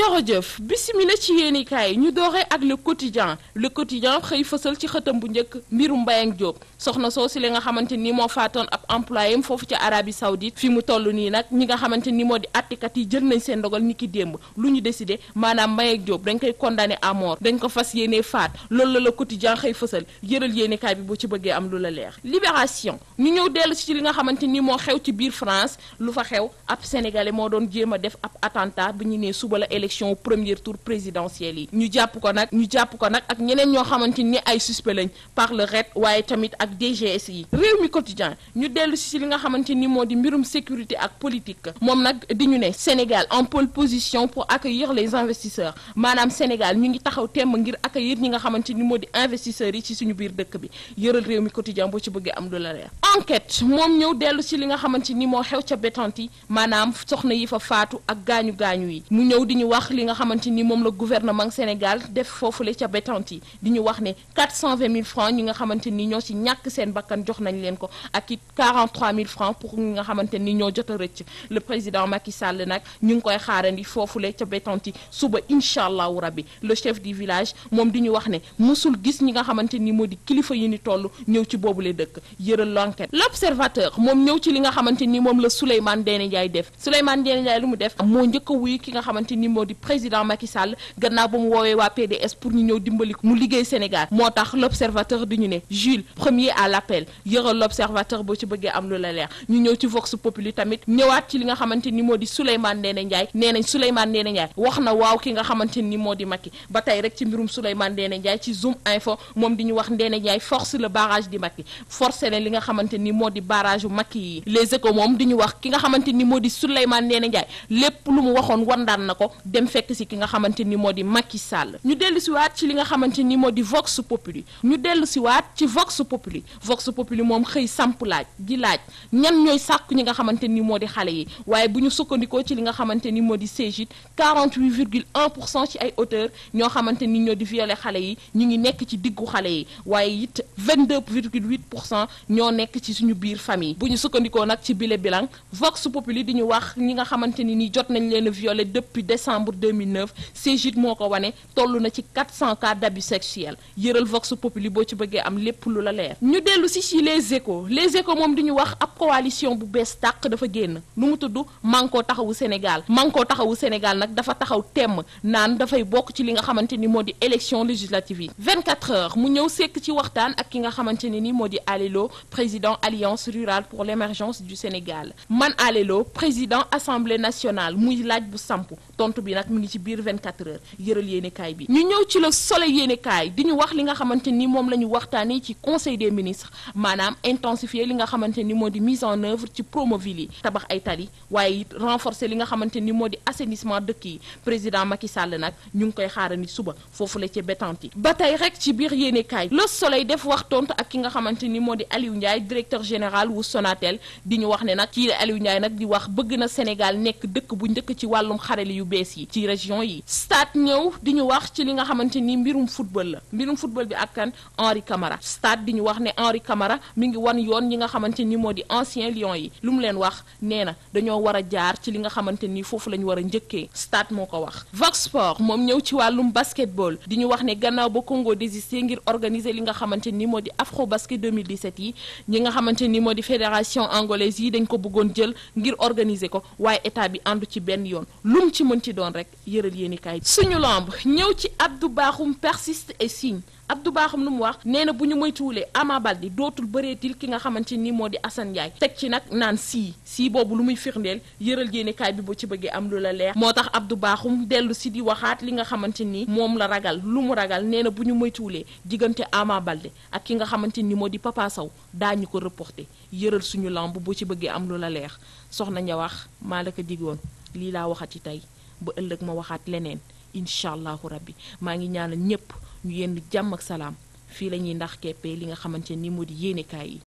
jërëjëf bisimila ci yéenikaay ñu doore ak le quotidien le quotidien xëy fësal ci xëtam bu njëkk mbirum Mbayang Diop soxna soo si li nga xamante ni moo faatoon ab employé am foofu ci Arabie Saoudite fi mu toll nii nag ñi nga xamante ni moo di attikat yi jël nañ seen ndogal ni ki démb lu ñu décidé maanaam Mbayang jóob dañ koy condamné à mort dañ ko fas yéenee faat loolu la le quotidien xëy fësal yëral yéenikaay bi boo ci bëggee am lu la leer libération ñu ñëw dellu si li nga xamante ni moo xew ci biir France lu fa xew ab sénégalais moo doon jéem a def ab attentat bi ñu nee suba la élection premier tour présidentiel yi ñu jàpp ko nag ñu jàpp ko nag ak ñeneen ñoo xamante ni ay suspect lañ par le RED waaye tamit ak DGS yi réew mi quotidien ñu dellu si li nga xamante ni moo di mbirum sécurité ak politique moom nag di ñu ne Sénégal en pole position pour accueillir les investisseurs maanaam Sénégal ñu ngi taxaw temb ngir accueillir ñi nga xamante ni moo di investisseurs yi ci suñu biir dëkk bi yëral réew mi quotidien boo ci bëggee am lu la leer enquête moom dellu si li nga xamante ni moo xew ca Bettenty maanaam soxna yi fa faatu ak gaañu wax li nga xamante ni moom la gouvernement Sénégal def foofule ca bétante di ñu wax ne 420 000 francs ñi nga xamante ni ñoo ci ñàkk seen bakkan jox nañ leen ko ak it 43 000 francs pour ñi nga xamante ni ñoo jot a rëcc le président Macky Sall nag ñu ngi koy xaarandi foofule ca bétante yi suba incha allahu rabbi le chef du village moom di ñu wax ne mësul gis ñi nga xamante ni moo di kilifa yi ni toll ñëw ci boobule dëkk yëral l'enquête l'observateur moom ñëw ci li nga xamante ni moom la Souleymane Ndéné Ndiaye def Souleymane Ndéné Ndiaye lu mu def moo njëkk a wuyu ki nga xamante di président Macky Sall gannaaw ba mu woowee waa PDS pour ñu ñëw dimbali mu liggéey Sénégal moo tax l' di ñu ne Jules premier à l' appel yëral boo ci bëggee am lu la leer ñu ñëw ci Vox Populi tamit ñëwaat ci li nga xamante ni moo di Souleymane Ndéné Ndiaye wax na waaw ki nga xamante ni moo di Macky ba tey rek ci mbirum Souleymane Ndéné Ndiaye ci Zoom info moom di ñu wax Ndéné Ndiaye force le barrage di Macky u Macky yi les échos moom di ki nga xamante ni moo dem fekk si ki nga xamante ni moo di Macky Sall ñu dellu si waat ci li nga xamante ni moo di Vox Populi ñu dellu si waat ci Vox Populi Vox Populi moom xëy samp laaj di laaj ñan ñooy sàkku ñi nga xamante ni moo di xale yi waaye bu ñu sukkandikoo ci li nga xamante ni moo di CGID 48 virgule 1 pour cent ci ay auteur ñoo xamante ni ñoo di violé xale yi ñu ngi nekk ci diggu xale yi waaye it 22 virgule 8 pour cent ñoo nekk ci suñu biir famille bu ñu sukkandikoo nag ci bile bilan Vox Populi ñi nga xamante ni nii jot nañ leen a violé depuis décembre 2009 CGID moo ko wane toll na ci 400 cas d'abus sexuels yëral vox populi boo ci bëggee am lépp lu la leer. ñu dellu si ci les échos les échos moom di ñu wax ab coalition bu bees tàq dafa génn lu mu tudd Mankoo Taxawu Sénégal Mankoo Taxawu Sénégal nag dafa taxaw temm naan dafay bokk ci li nga xamante ni moo di élection législative yi 24 heures mu ñëw sekk ci waxtaan ak ki nga xamante ne ni moo di Alelo président alliance rurale pour l'émergence du Sénégal man Alelo président assemblée nationale muy laaj bu samp nag mi ngi ci biir 24 heures yëral yéenekaay bi ñu ñëw ci le soleil yéenekaay di ñu wax li nga xamante ni moom la ñu ci conseil des ministres maanaam intensifier li nga xamante ni moo di mise en œuvre ci promoville yi tabax ay tali waaye it li nga xamante ni moo di assainissement dëkk yi président Macky nag ñu ngi koy xaarani suba foofu la ca bétante yi ba ci biir yéenekaay le soleil def wax tontu ak ki nga xamante ni moo di Aliou Ndiaye directeur yi ci région yi stade ñëw di ñu wax ci li nga xamante ni mbirum football la mbirum football bi ak kan Henri Camara stade di ñu wax ne Henri Camara mi ngi wan yoon ñi nga xamante ni moo di ancien Lions yi lu mu leen wax nee na dañoo war a jaar ci li nga xamante ni foofu la ñu war a njëkkee stade moo ko wax Vox Sport moom ñëw ci wàllum basketball di ñu wax ne gannaaw ba Congo désisté ngir organiser li nga xamante ni moo di Afro Basket 2017 yi ñi nga xamante ni moo di fédération angolaise yi dañ ko bëggoon jël ngir organiser ko waaye état bi àndu ci benn yoon yoon rek yëral yéen suñu lamb ñëw ci Abdou Bakhoum persiste et signe Abdou Bakhoum lu mu wax nee na bu ñu moytuwulee Ama Baldé dootul bëreetil ki nga xamante ni moo di Assane teg ci nag naan sii sii boobu lu muy firndeel yëral yéen bi boo ci bëggee am lu la leer moo tax Abdou Bakhoum dellu si di waxaat li nga xamante ni moom la ragal lu mu ragal nee na bu ñu moytuwulee diggante Ama Baldé ak ki nga xamante ni moo di Papa Sow daañu ko reporté yëral suñu lamb boo ci bëggee am lu la leex soxna nja wax maa la ko digoon lii laa waxati tey ba ëllëg ma waxaat leneen incha allahu rabbi maa ngi ñaanal ñépp ñu yenn jàmm ak salaam fii la ñuy ndax keppee li nga xamante ni moo di yéenekaay yi